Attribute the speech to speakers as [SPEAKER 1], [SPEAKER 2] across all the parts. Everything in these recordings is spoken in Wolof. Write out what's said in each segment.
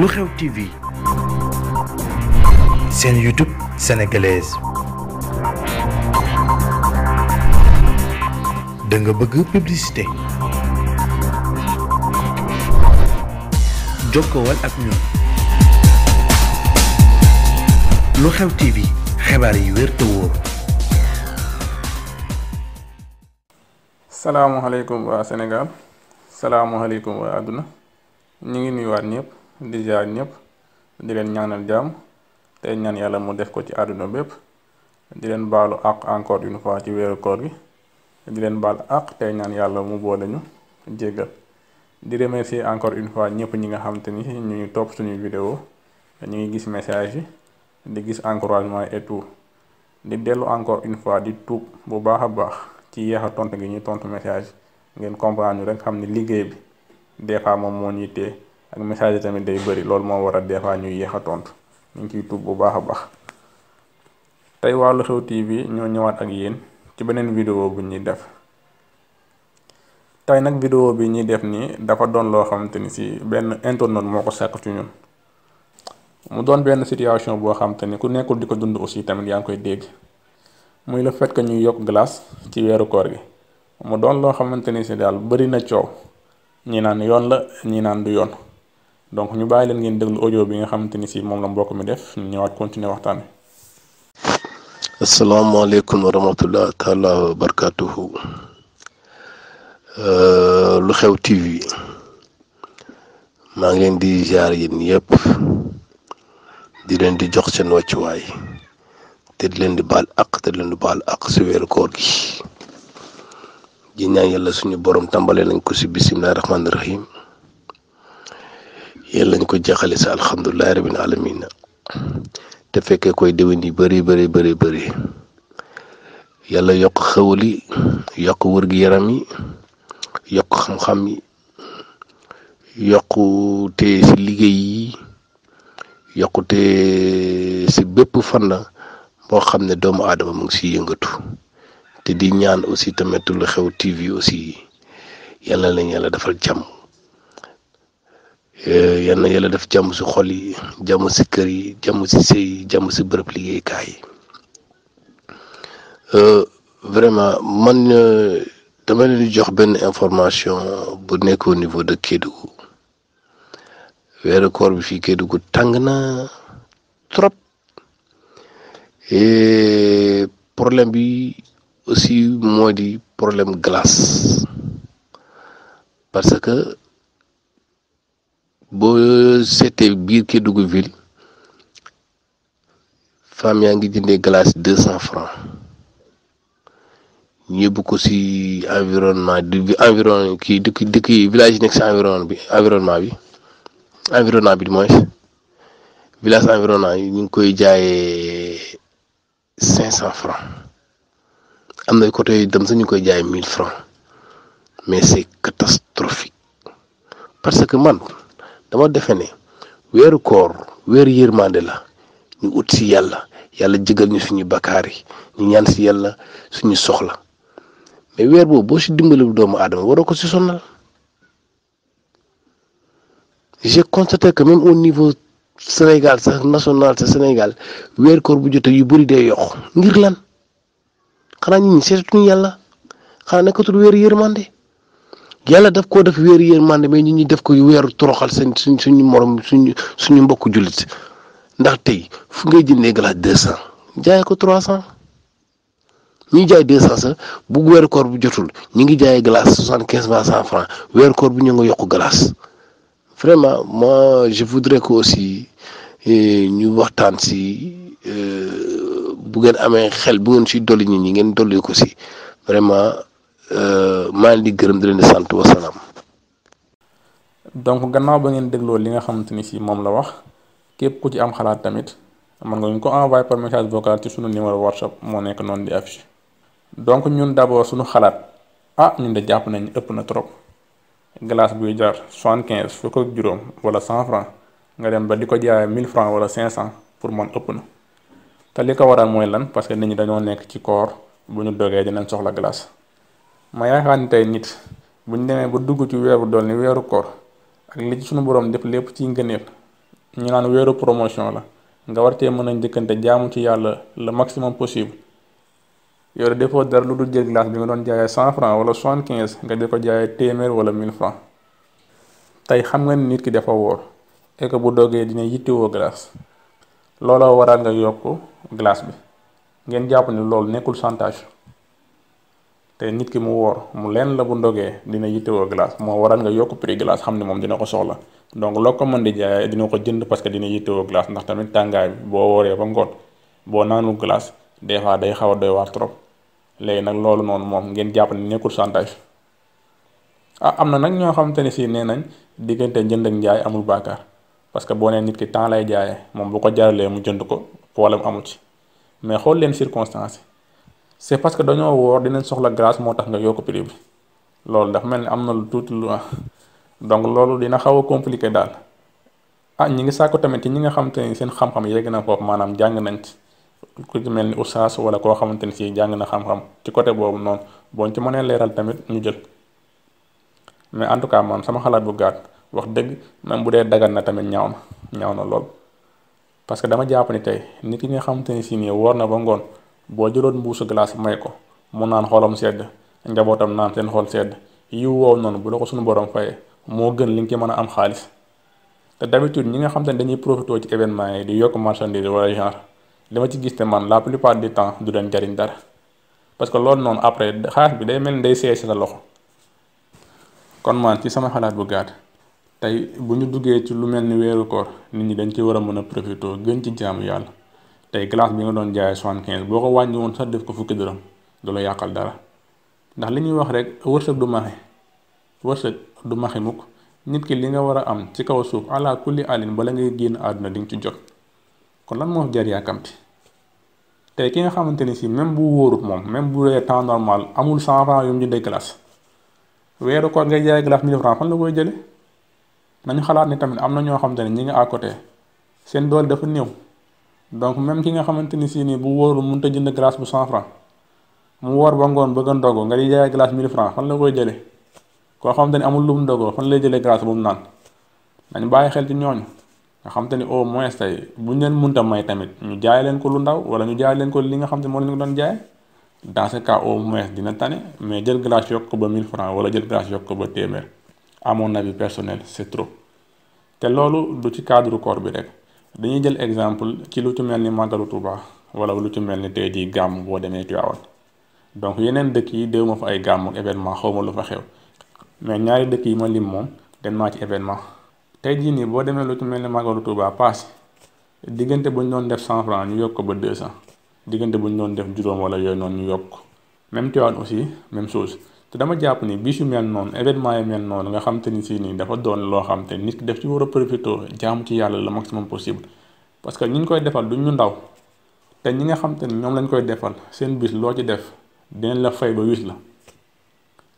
[SPEAKER 1] lu xew TV seen YouTube sénégalaise da bëgg publicité jokkool ak ñun lu xew TV xibaar yi wér te wóor.
[SPEAKER 2] salaamualeykum ñu ngi waat ñëpp di jaar ñëpp di leen ñaanal jàmm tey ñaan yàlla mu def ko ci àdduna bépp di leen baalu ak encore une fois ci weeru koor gi di leen baal àq tey ñaan yàlla mu boole ñu jéggal di remercier encore une fois ñëpp ñi nga xam te ni ñu ngi topp suñu vidéo ñu ngi gis message yi di gis encouragement et tout di dellu encore une fois di tuub bu baax a baax ci yeex a tontu gi ñuy tontu message ngeen comprendre ñu rek xam ni liggéey bi. des fois moom moo ñuy ak message yi tamit day bëri loolu moo waral des fois ñuy yéex a tontu ñu ngi ciy tuub bu baax a baax tey waa Lu Xew TV ñoo ñëwaat ak yéen ci beneen vidéo bu ñuy def tey nag vidéo bi ñuy def nii dafa doon loo xamante ni si benn internet moo ko sàkk ci ñun mu doon benn situation boo xamante ni ku nekkul di ko dund aussi tamit yaa ngi koy dégg muy le fait ñuy yokk glace ci weeru koor gi mu doon loo xamante ni si daal bari na coow. ñi naan yoon la ñi naan du yoon donc ñu bàyyi leen ngeen déglu ojo bi nga xamante ni si moom la mbokk mi def ñu ñëwaat continuer waxtaan wi.
[SPEAKER 1] asalaamaaleykum wa rahmatulah taala euh, lu xew TV maa ngi di jaar yéen yëpp di leen di jox seen wàccuwaay te di leen di baal àq te di leen di baal àq si weeru koor gi. di ñaan yàlla suñu borom tàmbalee nañ ko si bisimilah rahmaani rahim yàlla nañ ko jaxale sa alhamdulilah rabbil alamin te fekkee koy déwén yi bëri bare bëri bëri yàlla yokk xewal yi yokk wërgu yaram yi yokk xam-xam yi yokk te si liggéey yi yokk si bépp fànn boo xam ne doomu aadama mu ngi siy yëngatu. te di ñaan aussi tamit lu xew TV aussi yal na leen yàlla defal jàmm eh, yal na yàlla def jàmm si xol yi jàmm si kër yi jàmm si sëy yi jàmm si bërëb liggéeykaay yi eh, vraiment man eh, dama leen di jox benn information bu nekk au niveau de Kédougou weeru koor bi fii Kédougou tàng na trop et problème bi. aussi moo di problème glace parce que boo seetee biir Kédougou ville femme yaa ngi jëndee glace deux cent francs ñu yóbbu ko si environnement bi environ kii dëkk dëkk yi village yi nekk si environnement bi environnement bi environnement bi mooy village environnement yi ñu ngi koy jaayee cinq cent francs am na côté yooyu dem sañu koy jaay mille francs mais c'est catastrophique parce que man dama defe ne weeru koor weer yérmande la ñu ut si yàlla yàlla jëgal ñu suñu bakkaar yi ñu ñaan si yàlla suñu soxla mais weer boobu boo si dimbaliwul doomu aadama waroo ko si sonal j'ai constaté que même au niveau Sénégal sax national sa Sénégal weer koor bu jotee yu bëri day yokk ngir lan. xanaa nit ñi seetatuñu yàlla xanaa nekkatul wéeru yërmande yàlla daf koo def wéeru yërmande mais nit ñi def ko weeru toroxal su suñ suñu morom suñu suñu mbokku jullit ndax tey fu ngay jëndee glace deux cent jaay ko trois cent ñuy jaay deux cent sax bu weeru koor bu jotul ñu ngi jaayee glace soixante quinze ba cent franc weeru koor bu ñu nga yokk galaas vraiment moi je voudrais que aussi eh, ñu waxtaan si. Euh, bu ngeen amee xel bu ngeen si dolli nit ñi ngeen dolli ko si vraiment euh, maa ngi di gërëm di leen di sant wasalaam.
[SPEAKER 2] donc gannaaw ba ngeen dégloo li nga xamante ni si moom la wax képp ku ci am xalaat tamit mën nga ñu ko envoyé par message vocal ci suñu numéro whatsapp moo nekk noon di affiché donc ñun d'abord suñu xalaat ah ñun de jàpp nañ ëpp na trop. glace buy jar soixante quinze fukk ak juróom wala cent franc nga dem ba di ko jaayee mille franc wala cinq cent pour man na. te li ko waral mooy lan parce que nit ñi dañoo nekk ci koor bu ñu dogee dinañ soxla glace ma yaakaar ni tey nit bu ñu demee ba dugg ci weeru dool ni weeru koor ak li ci suñu borom def lépp ci ngëneel ñu naan weeru promotion la nga war wartee mën a njëkkante jaamu ci yàlla le maximum possible yow defoo dara lu dul jël glace bi nga doon jaayee cent franc wala soixante quinze nga di ko jaayee téeméer wala mille franc tey xam nga nit ki dafa wóor et bu dogee dina yittewoo glace. looloo waral nga yokk glace bi ngeen jàpp ni loolu nekkul chantage te nit ki mu woor mu leen la bu ndogee dina yittewoo glace moo waral nga yokk prix glace xam ne moom dina ko soxla donc loo ko mën di jaayee dina ko jënd parce que dina yittewoo glace ndax tamit tàngaay bi boo wooree ba ngoon boo naanul glace des fois day xaw a doy waar trop léegi nag loolu noonu moom ngeen jàpp ni nekkul chantage ah am na nag ñoo xamante ni si nee nañ diggante njënd ak amul baakaar. parce que boo nee nit ki temps lay jaayee moom bu ko jaaralee mu jënd ko problème amu ci mais xool leen circonstance yi c'est parce que dañoo woor dinañ soxla grâce moo tax nga yokk prix bi loolu ndax mel ni am na lu tuuti lu ah. donc loolu dina xaw a compliqué daal ah ñi ngi sàkku tamit ci ñi nga xamante ni seen xam-xam yegg na foofu maanaam jàng nañ ci ku mel ni oustaz wala koo xamante ni si jàng na xam-xam ci côté boobu noonu boo ñu ci mënee leeral tamit ñu jël mais en tout cas man sama xalaat bu gàtt. wax dëgg même bu dee dagan na tamit ñaaw na ñaaw na lool parce que dama jàpp ni tey nit ki nga xamante ni si nii woor na ba ngoon boo jëloon mbuusu glace may ko mu naan xolam sedd njabootam naan seen xol sedd yiw woow noonu bu la ko suñu borom fayee moo gën li nga ci mën a am xaalis te d'habitude ñi nga xam te ne dañuy profité ci événement yi di yokk marchandise wala genre li ma ci gis te man la plupart du temps du leen jariñ dara parce que loolu noonu après xaalis bi day mel ni day seey si sa loxo kon man ci sama xalaat bu gàtt tey bu ñu duggee ci lu mel ni weeru koor nit ñi dañ ci war a mën a profité gën ci jaamu yàlla tey glace bi nga doon jaayee soixante quinze boo ko wàññi woon sax def ko fukki dërëm du la yàqal dara ndax li ñuy wax rek wërsëg du maxe wërsëg du maxe mukk nit ki li nga war a am ci kaw suuf ala kulli alin bala ngay génn àdduna di nga ci jot kon lan moo jar yàkkamti tey ki nga xamante ni si même bu wóorut moom même bu dee temps normal amul cent franc yu mu jëndee glace nañu xalaat ni tamit am na ñoo xamante ne ñi ngi à côté seen doole dafa néew donc même ki nga xamante ni si nii bu wóorul mënut a jënd glace bu cent franc mu woor ba ngoon bëgg a ndogu nga di jaayee glace mille franc fan la koy jëlee koo xamante ni amul lu mu ndogoo fan lay jëlee glace bu mu naan nañ bàyyi xel ci ñooñu nga xamante ni au moins tey bu ñu leen mënta may tamit ñu jaay leen ko lu ndaw wala ñu jaay leen ko li nga xam ne moo leen ko doon jaay dans ce cas au moins dina jël glace yokk wala jël glace yokk ko ba téeméer. amoon na avis personnel c'est trop te loolu du ci cadre koor bi rek dañuy jël exemple ci lu ci mel ni màggalu Tuuba wala lu ci mel ni tey jii gàmm boo demee Tiwaawan donc yeneen dëkk yi déw ma fa ay gàmm événement xawma lu fa xew mais ñaari dëkk yi ma lim moom dem naa ci événement tey jii nii boo demee lu ci mel ni màggalu Tuuba paas diggante bu ñu doon def cent franc ñu yokk ko ba deux cent diggante bu ñu doon def juróom wala yooyu noonu ñu yokk même Tiwaawan aussi même chose te dama jàpp ni bis yu mel noonu événement yu mel noonu nga xam te si nii dafa doon loo xam te nit ki def ci war a profité jaamu ci yàlla le maximum possible parce que ñi koy defal ndaw te ñi nga xam te ni ñoom lañ koy defal seen bis loo ci def dinañ la fay ba wis la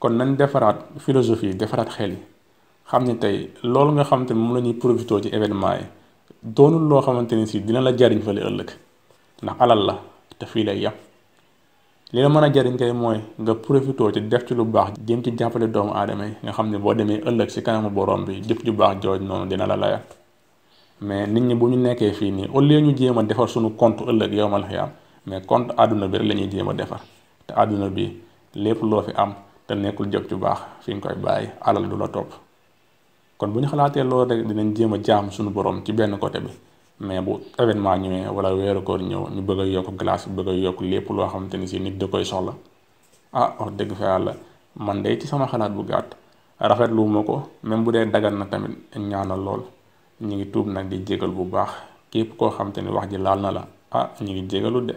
[SPEAKER 2] kon nañ defaraat philosophie yi defaraat xel xam ne tey loolu nga xam ni moom la ñuy profité ci événement yi loo xamante ni si dina la jariñ fale ëllëg ndax alal la te fii lay yàpp li la mën a jariñ kay mooy nga profitoo ci def ci lu baax jéem ci jàppale doomu aadama yi nga xam ne boo demee ëllëg si kanamu borom bi jëf ju baax jooj noonu dina la layal mais nit ñi bu ñu nekkee fii nii au lieu ñu jéem a defar suñu compte ëllëg yow ma la mal am mais compte àdduna bi rek la ñuy jéem a defar te àdduna bi lépp loo fi am te nekkul jëf ju baax fi nga koy bàyyi alal du la topp kon bu ñu xalaatee loolu rek dinañ jéem a jaam suñu borom ci benn côté bi mais bu événement ñëwee wala weeru koor ñëw ñu bëgg a yokk glace bëgg a yokk lépp loo xamante ni si nit da koy soxla ah wax dëgg fa yàlla man day ci sama xalaat bu gàtt rafetlu ma ko même bu dee dagan na tamit ñaanal lool ñu ngi tuub nag di jégal bu baax képp koo xamante ni wax ji laal na la ah ñu ngi jégalu de.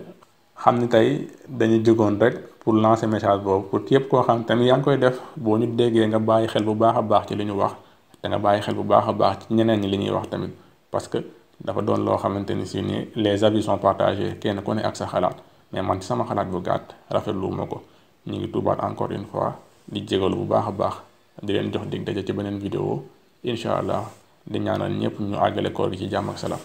[SPEAKER 2] xam ni tey dañu jógoon rek pour lancer message boobu pour képp koo xam tamit yaa ngi koy def boo ñu déggee nga bàyyi xel bu baax a baax ci li ñu wax te nga bàyyi xel bu baax a baax ci ñeneen ñi li ñuy wax tamit parce dafa doon loo xamante ni si ni les avis sont partagés kenn ku ne ak sa xalaat mais man ci sama xalaat bu gàtt rafetlu ma ko ñu ngi tuubaat encore une fois di jégalu bu baax a baax di leen jox dig daje ci beneen vidéo incha allah di ñaanal ñëpp ñu àggale koor gi ci jàmm ak salaam.